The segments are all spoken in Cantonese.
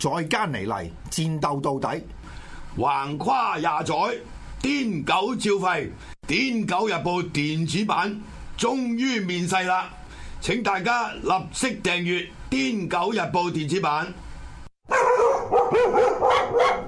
再艱難，戰鬥到底。橫跨廿載，癲狗照吠。癲狗日報電子版終於面世啦，請大家立即訂閱癲狗日報電子版。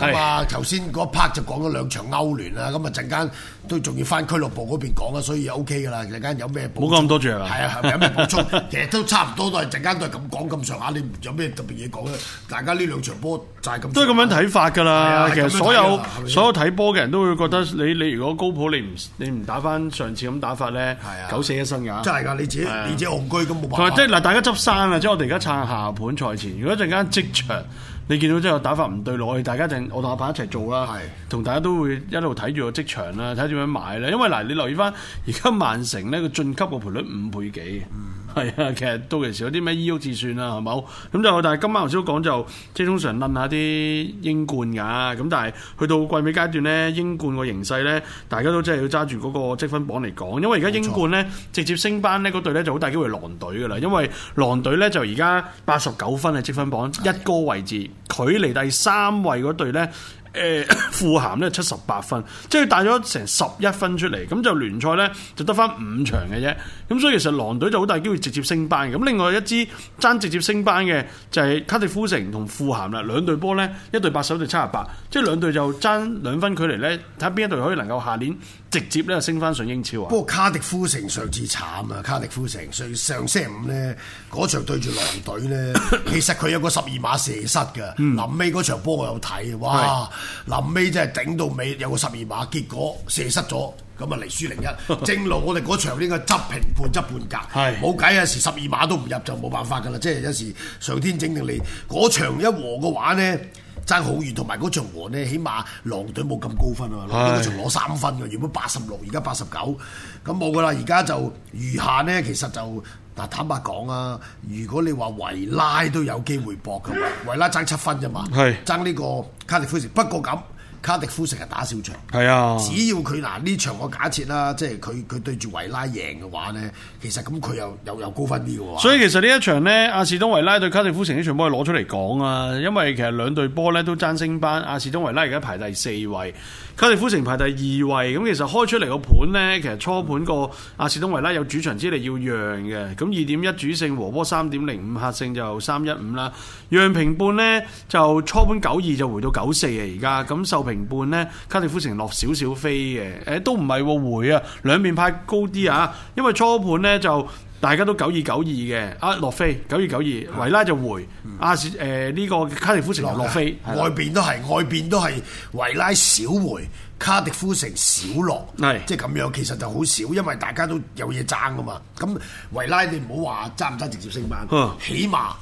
咁啊！頭先嗰 part 就講咗兩場歐聯啦，咁啊陣間都仲要返俱樂部嗰邊講啊，所以 OK 噶啦。陣間有咩補？冇講咁多句啊！係啊，有咩補充？ 其實都差唔多，都係陣間都係咁講咁上下。你有咩特別嘢講咧？大家呢兩場波就係咁。都咁樣睇法㗎啦，啊、其實所有係係所有睇波嘅人都會覺得你你如果高普你唔你唔打返上次咁打法咧，九、啊、死一生㗎。真係㗎，你自己、啊、你自己戇居咁冇辦法。即係嗱，大家執生啊！即係我哋而家撐下盤賽前，如果陣間即場。嗯嗯。你見到之後打法唔對落去，大家陣，我同阿鵬一齊做啦，同是大家都會一路睇住個職場啦，睇點樣買啦！因為嗱，你留意返而家曼城咧，佢進級個賠率五倍幾。嗯係啊，其實到其時有啲咩依屋自算啦，係冇咁就。但係今晚頭先都講就，即係通常論下啲英冠噶。咁但係去到季尾階段咧，英冠個形勢咧，大家都真係要揸住嗰個積分榜嚟講。因為而家英冠咧，錯直接升班咧，嗰隊咧就好大機會狼隊噶啦。因為狼隊咧就而家八十九分嘅積分榜、嗯、一哥位置，佢離第三位嗰隊咧。誒 富咸咧七十八分，即係帶咗成十一分出嚟，咁就聯賽咧就得翻五場嘅啫。咁所以其實狼隊就好大機會直接升班。咁另外一支爭直接升班嘅就係卡迪夫城同富咸啦，兩隊波咧一隊八十對七十八，即係兩隊就爭兩分距離咧。睇邊一隊可以能夠下年直接咧升翻上英超啊？不過卡迪夫城上次慘啊！卡迪夫城上上星期五咧嗰場對住狼隊咧， 其實佢有個十二碼射失嘅。臨尾嗰場波我有睇，哇！臨尾真係頂到尾，有個十二碼，結果射失咗，咁啊嚟，輸零一。正路我哋嗰場呢個執評判執半格，係冇計，有時十二碼都唔入就冇辦法噶啦。即係有時上天整定你嗰場一和嘅話呢？爭好遠，同埋嗰場和咧，起碼狼隊冇咁高分啊！嗰場攞三分嘅，原本八十六，而家八十九，咁冇噶啦。而家就餘下咧，其實就嗱坦白講啊，如果你話維拉都有機會搏嘅，維拉爭七分啫嘛，爭呢的個卡迪夫城不過咁。卡迪夫成日打小場，係是啊，只要佢嗱呢場我假設啦，即係佢佢對住維拉贏嘅話咧，其實咁佢又又又高分啲喎。所以其實呢一場咧，阿士東維拉對卡迪夫城呢場波攞出嚟講啊，因為其實兩隊波咧都爭升班，阿士東維拉而家排第四位。卡利夫城排第二位，咁其實開出嚟個盤呢，其實初盤個阿士東維拉有主場之利要讓嘅，咁二點一主勝和波三點零五客勝就三一五啦，讓平半呢，就初盤九二就回到九四啊，而家咁受平半呢，卡利夫城落少少飛嘅，誒、欸、都唔係、啊、回啊，兩面派高啲啊，因為初盤呢就。大家都九二九二嘅，阿、啊、洛菲，九二九二，維拉就回阿誒呢個卡迪夫城落洛菲，外邊都係外邊都係維拉少回，卡迪夫城少落，係即係咁樣，其實就好少，因為大家都有嘢爭㗎嘛。咁維拉你唔好話爭唔爭直接升班，嗯、起碼，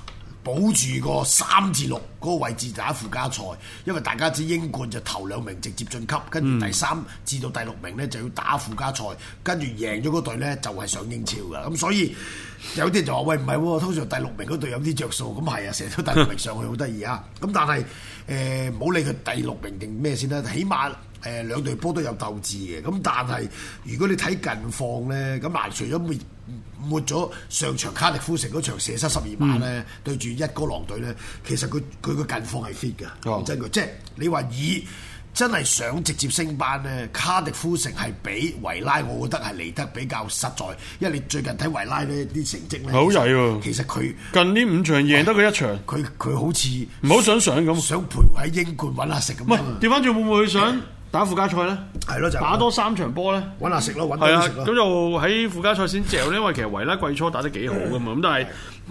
保住個三至六嗰個位置打附加賽，因為大家知英冠就頭兩名直接進級，跟住第三至到第六名呢就要打附加賽，跟住贏咗嗰隊呢就係上英超噶。咁所以有啲人就話：喂，唔係喎，通常第六名嗰隊有啲着數。咁係啊，成日都第六名上去好得意啊。咁但係唔好理佢第六名定咩先啦，起碼誒兩隊波都有鬥志嘅。咁但係如果你睇近況呢，咁除咗抹咗上場卡迪夫城嗰場射失十二碼咧，嗯、對住一哥狼隊咧，其實佢佢個近況係 fit 㗎，唔、哦、真㗎。即係你話以真係想直接升班咧，卡迪夫城係比維拉，我覺得係嚟得比較實在，因為你最近睇維拉呢啲成績咧，好曳喎。其實佢近呢五場贏得佢一場，佢佢好似唔好想上咁，想陪喺英冠揾下食咁。唔係掉翻轉會唔會上？嗯打附加賽咧，就是、打多三場波咧，揾下食咯，揾多啲食咯。咁就喺附加賽先嚼，因為其實維拉季初打得幾好嘅嘛，咁 但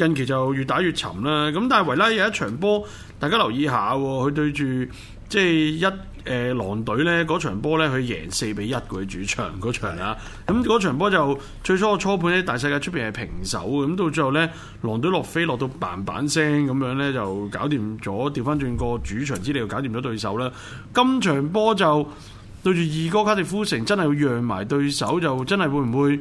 係近期就越打越沉啦。咁但係維拉有一場波，大家留意下，佢對住即係一。誒、呃、狼隊咧嗰場波咧，佢贏四比一佢主場嗰場啦。咁嗰場波就最初初盤咧，大世界出邊係平手咁，到最後咧狼隊落飛落到板板聲咁樣咧，就搞掂咗，調翻轉個主場之類搞掂咗對手啦。今場波就對住二哥卡迪夫城，真係要讓埋對手，就真係會唔會？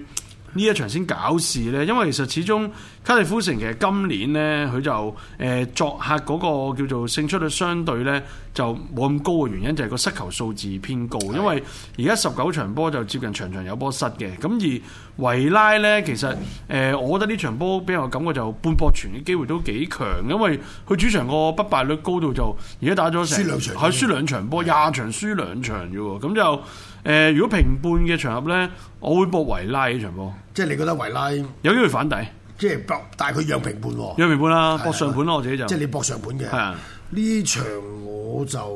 呢一場先搞事呢，因為其實始終卡迪夫城其實今年呢，佢就誒、呃、作客嗰個叫做勝出率相對呢，就冇咁高嘅原因就係、是、個失球數字偏高，因為而家十九場波就接近場場有波失嘅。咁而維拉呢，其實誒、呃，我覺得呢場波俾我感覺就半波傳嘅機會都幾強，因為佢主場個不敗率高到就而家打咗成兩場，係輸兩場波廿場，場輸兩場咋喎，咁就。誒，如果平半嘅場合咧，我會搏維拉呢場波。即係你覺得維拉有機會反底，即係搏、啊，但係佢讓平半喎、啊。讓平半啦，搏上盤咯、啊，的我自己就。即係你搏上盤嘅。呢場我就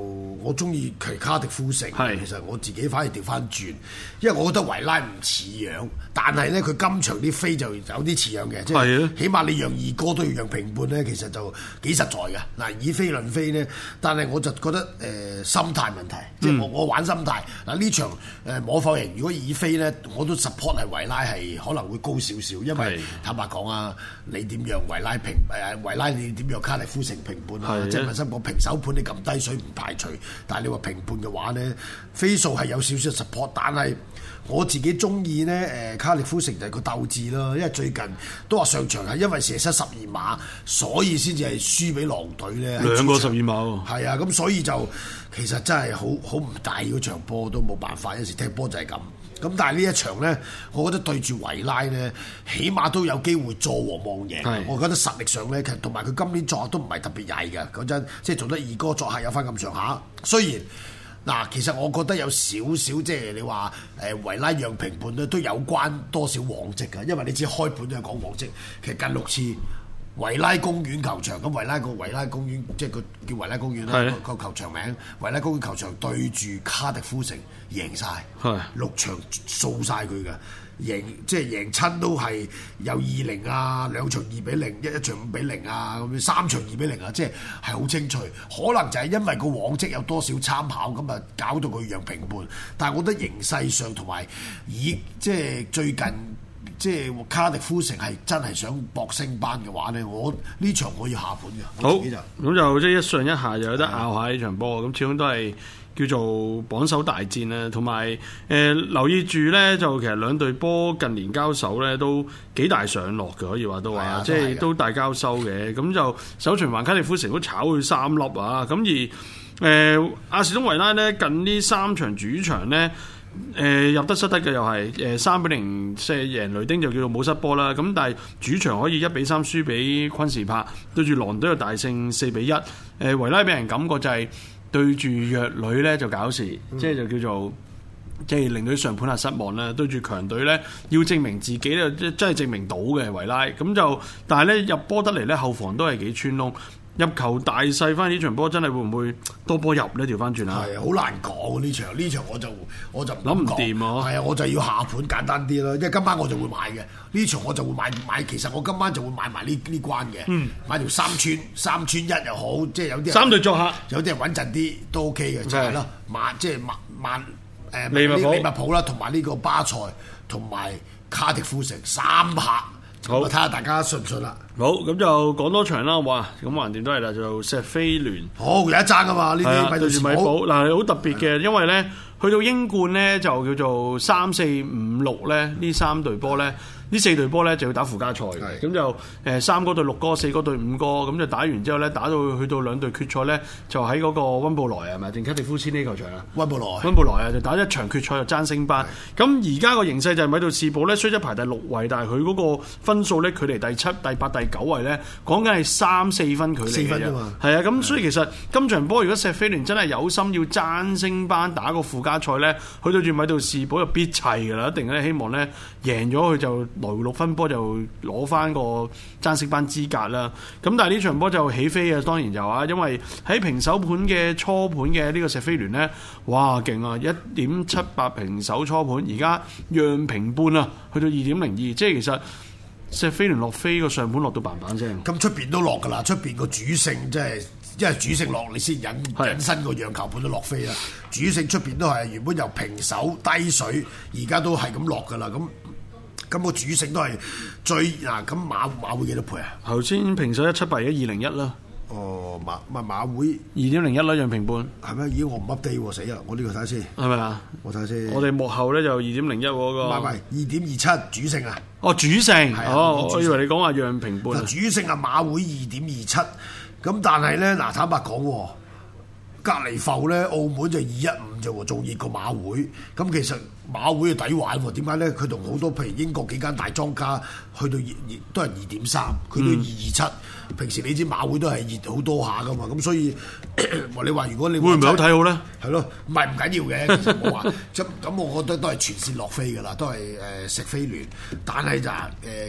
我中意佢卡迪夫城，是的 其實我自己反而調返轉，因為我覺得維拉唔似樣，但係咧佢今場啲飛就有啲似樣嘅，即係是的 起碼你讓二哥都要讓平半咧，其實就幾實在嘅。嗱，以飛論飛咧，但係我就覺得誒、呃、心態問題，即、就、係、是、我、嗯、我玩心態，嗱呢場誒模仿型，如果以飛咧，我都 support 係維拉係可能會高少少，因為是的 坦白講啊，你點讓維拉平誒維、呃、拉你點讓卡迪夫城平半啊？即係我平手盤你咁低水唔排除，但係你話評判嘅話呢，飛數係有少少 support，但係我自己中意呢。誒卡利夫城就係個鬥志咯，因為最近都話上場係因為射失十二碼，所以先至係輸俾狼隊呢。兩個十二碼喎，係啊，咁所以就其實真係好好唔大嗰場波都冇辦法，有時踢波就係咁。咁但係呢一場呢，我覺得對住維拉呢，起碼都有機會坐和望贏。是的 我覺得實力上呢，其實同埋佢今年作客都唔係特別曳㗎。嗰陣，即係做得二哥作客有返咁上下。雖然嗱，其實我覺得有少少即係你話誒維拉讓平盤咧，都有關多少往績㗎。因為你知開盤都係講往績，其實近六次。維拉公園球場咁維拉個維拉公園即係個叫維拉公園啦個是的 球場名維拉公園球場對住卡迪夫城贏晒，是的 六場掃晒佢㗎，贏即係贏親都係有二零啊，兩場二比零，一場五比零啊咁樣，三場二比零啊，即係係好清脆。可能就係因為個往績有多少參考咁啊，搞到佢讓平半。但係我覺得形勢上同埋以即係最近。即係卡迪夫城係真係想搏升班嘅話咧，我呢場可以下盤㗎。好，咁就即係一上一下就有得拗下呢場波，咁的始終都係叫做榜首大戰啊！同埋誒留意住咧，就其實兩隊波近年交手咧都幾大上落嘅，可以話都話，的即係都大交收嘅。咁的就首循環卡迪夫城都炒佢三粒啊！咁而誒阿士東維拉咧近呢三場主場咧。誒、呃、入得失得嘅又係誒三比零，即、呃、贏雷丁就叫做冇失波啦。咁但係主場可以一比三輸俾昆士柏，對住狼隊又大勝四比一。誒維、呃、拉俾人感覺就係對住弱隊咧就搞事，嗯、即係就叫做即係、就是、令到上盤嚇失望啦。對住強隊咧要證明自己咧，真真係證明到嘅維拉咁就，但係咧入波得嚟咧後防都係幾穿窿。入球大細，翻呢場波真係會唔會多波入呢？調翻轉啊！係啊，好難講呢場。呢場我就我就諗唔掂啊！係啊，我就要下盤簡單啲咯。因為今晚我就會買嘅。呢、嗯、場我就會買買。其實我今晚就會買埋呢呢關嘅。嗯。買條三串三串一又好，即係有啲三隊作客，有啲人穩陣啲都 OK 嘅，就係咯。馬即係萬萬誒，利物浦啦，同埋呢個巴塞，同埋卡迪夫城三客。好，睇下大家信唔信啦、啊。好，咁就講多場啦，好嘛？咁橫掂都係啦，就係、石飛聯。好、哦，有一爭噶嘛？呢啲咪好嗱，係好、啊、特別嘅，的因為咧。去到英冠呢，就叫做三四五六咧，呢三隊波呢，呢四隊波呢，就要打附加賽。咁就誒，三個對六個，四個對五個。咁就打完之後呢，打到去到兩隊決賽呢，就喺嗰個溫布萊係咪啊，定卡迪夫千禧球場啊？溫布萊，溫布萊啊，就打一場決賽就爭升班。咁而家個形勢就係米杜士堡呢？雖則排第六位，但係佢嗰個分數呢，距離第七、第八、第九位呢，講緊係三四分距離。四分啊嘛，係啊，咁所以其實今場波如果錫菲聯真係有心要爭升班，打個附加。加賽咧，去到住米杜士堡就必齊㗎啦，一定咧，希望咧贏咗佢，就來回六分波就攞翻個爭升班資格啦。咁但係呢場波就起飛啊！當然就啊，因為喺平手盤嘅初盤嘅呢個石飛聯咧，哇勁啊！一點七八平手初盤，而家讓平半啊，去到二點零二，即係其實石飛聯落飛個上盤落到嘭嘭聲。咁出邊都落㗎啦，出邊個主勝真係。即係主勝落，你先引隱身個讓球盤都落飛啦。是的 主勝出面都係原本由平手低水，而家都係咁落噶啦。咁咁、嗰個主勝都係最嗱。咁馬馬會幾多倍啊？頭先平手一七八，一，二零一啦。哦，馬唔係馬會二點零一啦，讓平半係咪？咦，我唔 update 喎，死啦！我呢個睇下先。係咪啊？我睇先。我哋幕後咧就二點零一嗰個。唔係，二點二七主勝啊！哦，主勝，我以為你講話讓平半。主勝係馬會二點二七。咁但係咧，嗱坦白講，隔離埠咧，澳門就二一五啫喎，仲熱過馬會。咁其實馬會嘅抵玩喎，點解咧？佢同好多譬如英國幾間大莊家去到二二都係二點三，佢都二二七。平時你知馬會都係熱好多下噶嘛，咁所以，嗯、你話如果你會唔會好睇好咧？係咯，唔係唔緊要嘅，其實冇話。咁咁，我覺得都係全線落飛㗎啦，都係誒食飛聯。但係就誒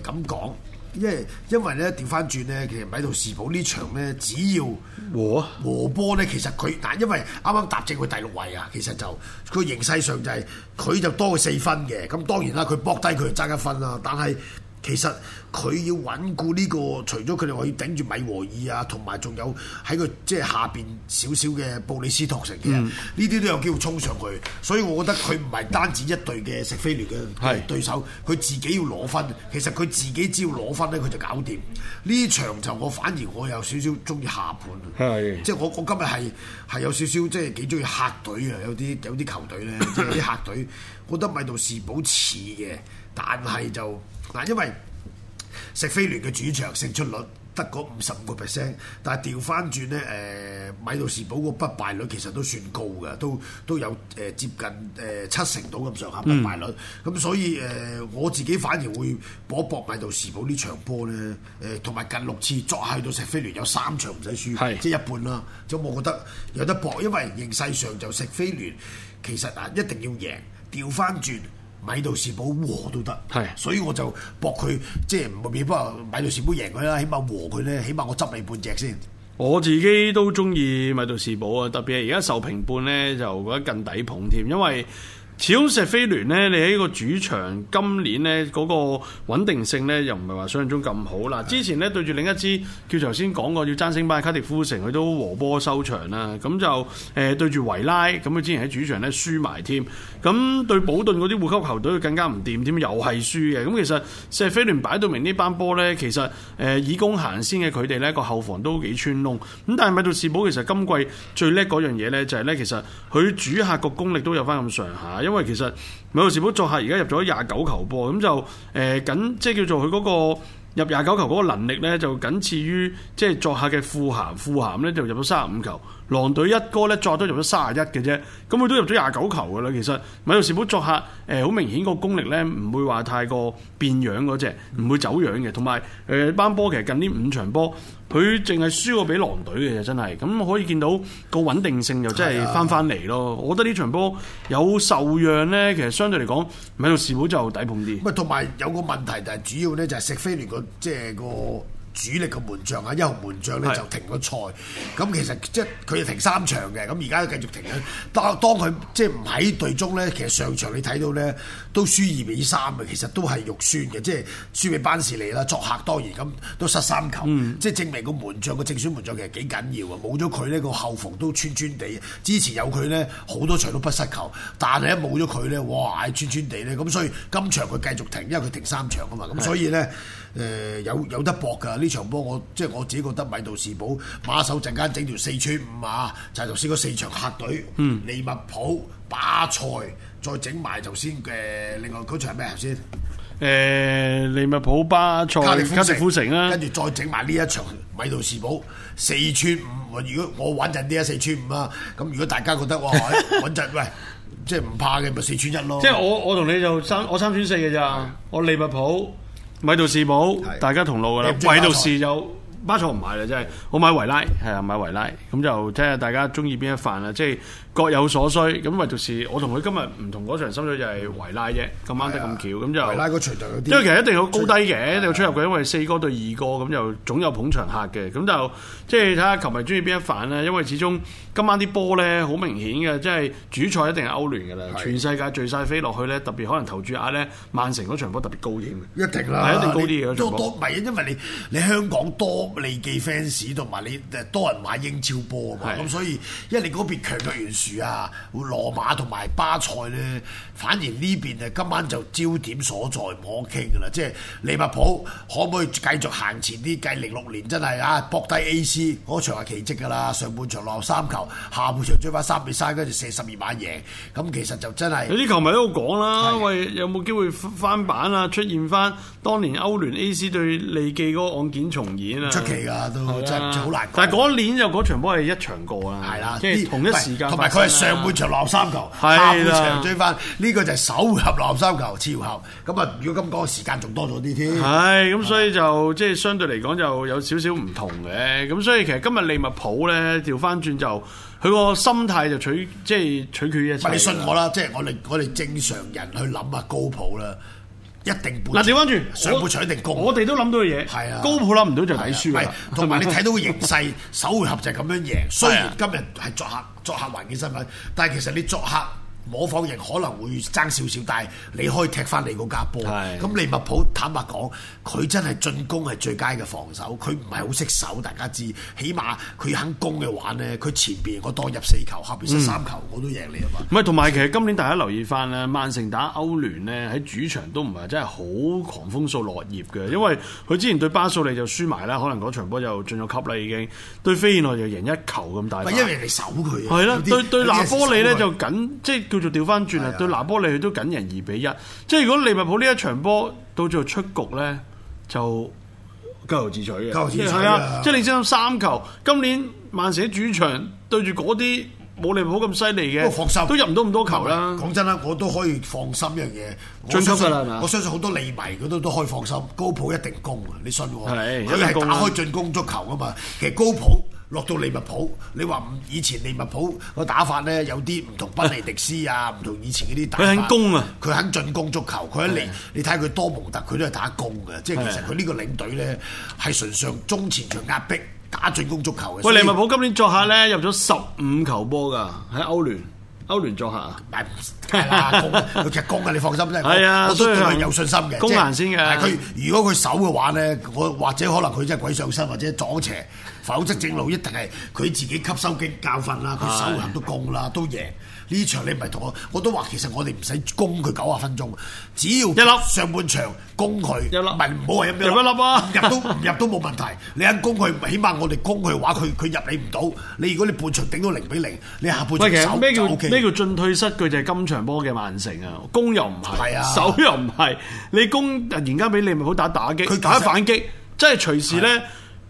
咁講。呃因為因為咧調翻轉咧，其實唔喺度試補呢場咧，只要和和波咧，其實佢但因為啱啱踏正佢第六位啊，其實就佢形勢上就係、是、佢就多佢四分嘅，咁當然啦，佢搏低佢就爭一分啦，但係其實。佢要穩固呢個，除咗佢哋可以頂住米和爾啊，同埋仲有喺個即係下邊少少嘅布里斯托城嘅，呢啲、嗯、都有機會衝上去。所以我覺得佢唔係單止一隊嘅錫菲聯嘅對手，佢是自己要攞分。其實佢自己只要攞分呢，佢就搞掂呢場。就我反而我有少少中意下盤，的即係我我今日係係有少少即係幾中意客隊啊，有啲有啲球隊呢 有啲客隊我覺得米杜士堡似嘅，但係就嗱因為。石菲聯嘅主場勝出率得嗰五十五個 percent，但係調翻轉咧，誒米杜士堡個不敗率其實都算高嘅，都都有誒接近誒七成到咁上下不敗率，咁、嗯、所以誒我自己反而會搏一搏米杜士堡呢場波咧，誒同埋近六次再去到石菲聯有三場唔使輸，即係是 一半啦，就我覺得有得搏，因為形勢上就石菲聯其實啊一定要贏，調翻轉。米道士堡和都得，啊、所以我就搏佢即係唔未必，不過米道士堡贏佢啦，起碼和佢咧，起碼我執你半隻先。我自己都中意米道士堡啊，特別係而家受平半咧，就覺得更抵捧添，因為。始終錫菲聯呢，你喺個主場今年呢，嗰個穩定性呢，又唔係話想像中咁好啦。之前呢，對住另一支叫頭先講過要爭升班嘅卡迪夫城，佢都和波收場啦。咁就誒對住維拉，咁佢之前喺主場呢輸埋添。咁對保頓嗰啲護級球隊更加唔掂添，又係輸嘅。咁其實錫菲聯擺到明呢班波呢，其實誒、呃、以攻行先嘅佢哋呢個後防都幾穿窿。咁但係米杜士堡，其實今季最叻嗰樣嘢呢，就係、是、呢，其實佢主客個功力都有翻咁上下。因為其實米杜士堡作客而家入咗廿九球波，咁就誒緊、呃，即係叫做佢嗰、那個入廿九球嗰個能力咧，就僅次於即係作客嘅富咸，富咸咧就入咗卅五球，狼隊一哥咧作客都入咗卅一嘅啫，咁佢都入咗廿九球噶啦。其實米杜士堡作客誒，好、呃、明顯個功力咧唔會話太過變樣嗰隻，唔會走樣嘅。同埋誒，班波其實近呢五場波。佢淨係輸過畀狼隊嘅，真係咁可以見到個穩定性就真係翻翻嚟咯。的我覺得呢場波有受讓咧，其實相對嚟講，米杜士堡就底盤啲。唔係，同埋有個問題就係主要咧，就係錫菲聯個即係個。主力個門將啊，一號門將咧就停咗賽，咁是的 其實即係佢要停三場嘅，咁而家都繼續停緊。當當佢即係唔喺隊中咧，其實上場你睇到咧都輸二比三嘅，其實都係肉酸嘅，即係輸俾班士尼啦。作客當然咁都失三球，即係、嗯、證明個門將個正選門將其實幾緊要啊！冇咗佢呢個後防都穿穿地，之前有佢咧好多場都不失球，但係一冇咗佢咧，哇！穿穿地咧，咁所以今場佢繼續停，因為佢停三場啊嘛，咁所以咧。誒有有得搏㗎呢場波，我即係我自己覺得米杜士堡馬手陣間整條四串五啊！就頭先嗰四場客隊，嗯，利物浦、巴塞，再整埋頭先嘅另外嗰場咩先？誒利物浦、巴塞、卡迪夫城啦，跟住再整埋呢一場米杜士堡四串五。如果我穩陣呢一四串五啊，咁如果大家覺得哇，穩陣喂，即係唔怕嘅咪四串一咯。即係我我同你就三我三串四嘅咋？我利物浦。米道士冇，是大家同路噶啦。米道士就巴塞唔買啦，真係我買維拉，係啊，買維拉，咁就睇下大家中意邊一份啦，即、就、係、是。各有所需，咁唯獨是我同佢今日唔同嗰場，心水就係維拉啫。今晚得咁巧，咁的就維拉個隨隊嗰啲，因為其實一定有高低嘅，一定要出入嘅。的因為四哥對二哥咁就總有捧場客嘅。咁就即係睇下球迷中意邊一反啦。因為始終今晚啲波咧好明顯嘅，即係主賽一定係歐聯㗎啦。的全世界聚晒飛落去咧，特別可能投注額咧，曼城嗰場波特別高添。一定啦、啊，一定高啲嘅。你場多唔係因為你你香港多利記 fans 同埋你多人買英超波嘛，咁所以因為你嗰邊強嘅住啊！羅馬同埋巴塞咧，反而呢邊啊，今晚就焦點所在，唔好傾噶啦。即係利物浦可唔可以繼續行前啲？計零六年真係啊，搏低 A.C. 嗰場係奇蹟噶啦！上半場落三球，下半場追翻三比三，跟住射十二碼贏。咁其實就真係有啲球迷喺度講啦，喂、啊，有冇機會翻版啊？啊，出現翻當年歐聯 A.C. 對利記嗰個案件重演啊？出奇噶、啊、都、啊、真係好難、啊。但係嗰年就嗰場波係一場過啊！係啦、啊，同一時間是佢係上半場落三球，是的 下半場追翻，呢是的 個就係首回合落三球，次回合。咁啊，如果咁講，時間仲多咗啲添。係咁，所以就即係是的 相對嚟講就有少少唔同嘅。咁所以其實今日利物浦咧調翻轉就，佢個心態就取即係、就是、取決一。你信我啦，即、就、係、是、我哋我哋正常人去諗下高普啦。一定半嗱，你翻轉上半一場我一定高，我哋都諗到嘅嘢，係啊，高普諗唔到就睇輸啦。同埋、啊、你睇到形勢， 首回合就係咁樣贏。雖然今日係作客， 作客環境身份，但係其實你作客。模仿型可能會爭少少，但係你可以踢翻你個架波。咁是的 利物浦坦白講，佢真係進攻係最佳嘅防守，佢唔係好識守，大家知。起碼佢肯攻嘅話咧，佢前邊我當入四球，後邊十三球，嗯、我都贏你啊嘛。唔係，同埋其實今年大家留意翻咧，曼城打歐聯咧，喺主場都唔係真係好狂風掃落葉嘅，因為佢之前對巴素利就輸埋啦，可能嗰場波就進咗級啦已經了了。對飛燕諾就贏一球咁大球。係因為人哋守佢啊。係啦的，對，對拿波利咧就緊即。叫做掉翻轉啊！對拿波利佢都僅贏二比一，即係如果利物浦呢一場波到最後出局咧，就咎由自取嘅，咎由自取啊！係啊！即係你先諗三球，今年曼城主場對住嗰啲冇利物浦咁犀利嘅，都入唔到咁多球啦。講真啦，我都可以放心一樣嘢，我相信啦，我相信好多利迷佢都都可以放心，高普一定攻啊！你信我，佢係打開進攻足球啊嘛，其實高普。落到利物浦，你話以前利物浦個打法咧有啲唔同，賓尼迪斯啊，唔同以前嗰啲打法。佢肯攻啊！佢肯進攻足球，佢一嚟，你睇佢多蒙特，佢都係打攻嘅，即係其實佢呢個領隊咧係純上中前場壓迫打進攻足球嘅。喂，利物浦今年作客咧入咗十五球波㗎，喺歐聯，歐聯作客啊！係啦，佢踢攻嘅，你放心啫。係啊，我對佢係有信心嘅。攻難先嘅。但係佢如果佢守嘅話咧，我或者可能佢真係鬼上身，或者撞邪。否則正路一定係佢自己吸收嘅教訓啦，佢手痕都攻啦，都贏。呢場你唔係同我，我都話其實我哋唔使攻佢九十分鐘，只要一粒上半場攻佢，唔係唔好係入一粒啊！入都唔入都冇問題。你一攻佢，起碼我哋攻佢嘅話，佢佢入你唔到。你如果你半場頂到零比零，你下半場守唔到 O K。咩叫咩叫進退失據就係今場波嘅曼城啊？攻又唔係，守又唔係。你攻突然間俾你咪好打打擊，佢打反擊，即係隨時咧。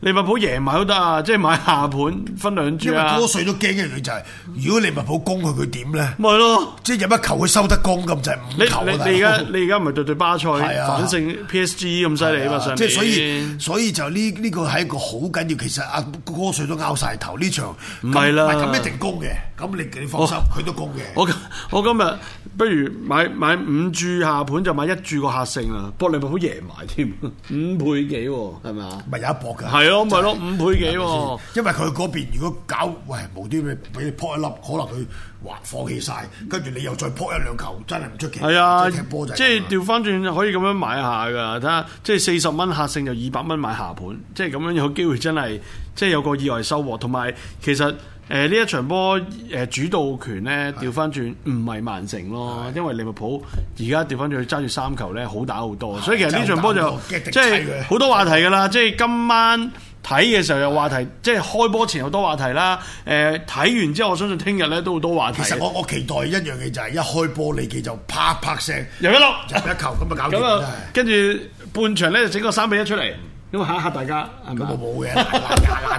利物浦贏埋都得啊，即係買下盤分兩注啊！因為哥水都驚嘅佢就係，如果利物浦攻佢，佢點咧？咪係咯，即係入一球佢收得攻咁就係五球你你你而家你而家唔係對對巴塞反勝 PSG 咁犀利啊嘛！即係所以所以就呢呢個係一個好緊要。其實阿哥瑞都拗晒頭呢場。唔係啦，咁一定攻嘅，咁你你放心，佢都攻嘅。我我今日不如買買五注下盤就買一注個客勝啦，博利物浦贏埋添，五倍幾喎？係咪？咪有一博㗎。咁咪咯，五倍幾喎，啊？因為佢嗰邊如果搞喂無端端俾你撲一粒，可能佢哇放棄晒。跟住你又再撲一兩球，真係唔出奇。係啊，踢波即係調翻轉可以咁樣買下㗎，睇下即係四十蚊客勝就二百蚊買下盤，即係咁樣有機會真係即係有個意外收穫，同埋其實。誒呢一場波誒主導權咧調翻轉唔係曼城咯，因為利物浦而家調翻轉去揸住三球咧好打好多，所以其實呢場波就即係好多話題噶啦。即係今晚睇嘅時候有話題，即係開波前好多話題啦。誒睇完之後，我相信聽日咧都好多話題。其實我我期待一樣嘢就係一開波你哋就啪啪聲又一粒入一球咁啊，搞掂。跟住半場咧就整個三比一出嚟，咁嚇嚇大家。咁啊冇嘅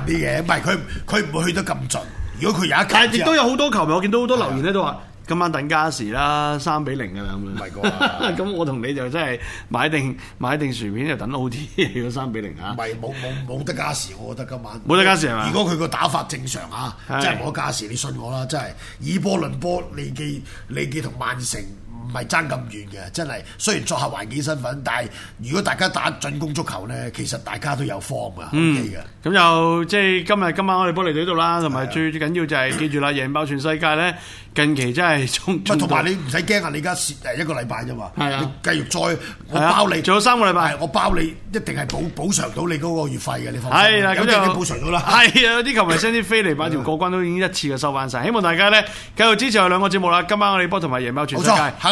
啲嘢，唔係佢佢唔會去得咁盡。如果佢有一加，亦都有好多球迷，我見到好多留言咧都話：的今晚等加時啦，三比零嘅啦咁咁我同你就真係買定買定薯片，就等 OT, 比 0, 得好啲。如果三比零嚇，唔係冇冇冇得加時，我覺得今晚冇得加時係嘛？如果佢個打法正常嚇，即係冇加時，你信我啦，真係以波論波，利記利記同曼城。唔係爭咁遠嘅，真係。雖然作客環境身份，但係如果大家打進攻足球咧，其實大家都有方㗎，OK 嘅。咁又即係今日今晚我哋波嚟到呢度啦，同埋最緊要就係記住啦，贏爆全世界咧，近期真係同埋你唔使驚啊！你而家蝕一個禮拜咋嘛？係啊，繼續再我包你，仲有三個禮拜，我包你一定係補補償到你嗰個月費嘅，你放心。係啦，有啲你補償到啦。係啊，有啲球迷 send 啲飛嚟，擺條過關都已經一次嘅收翻曬。希望大家咧繼續支持我哋兩個節目啦。今晚我哋波同埋贏爆全世界。冇錯。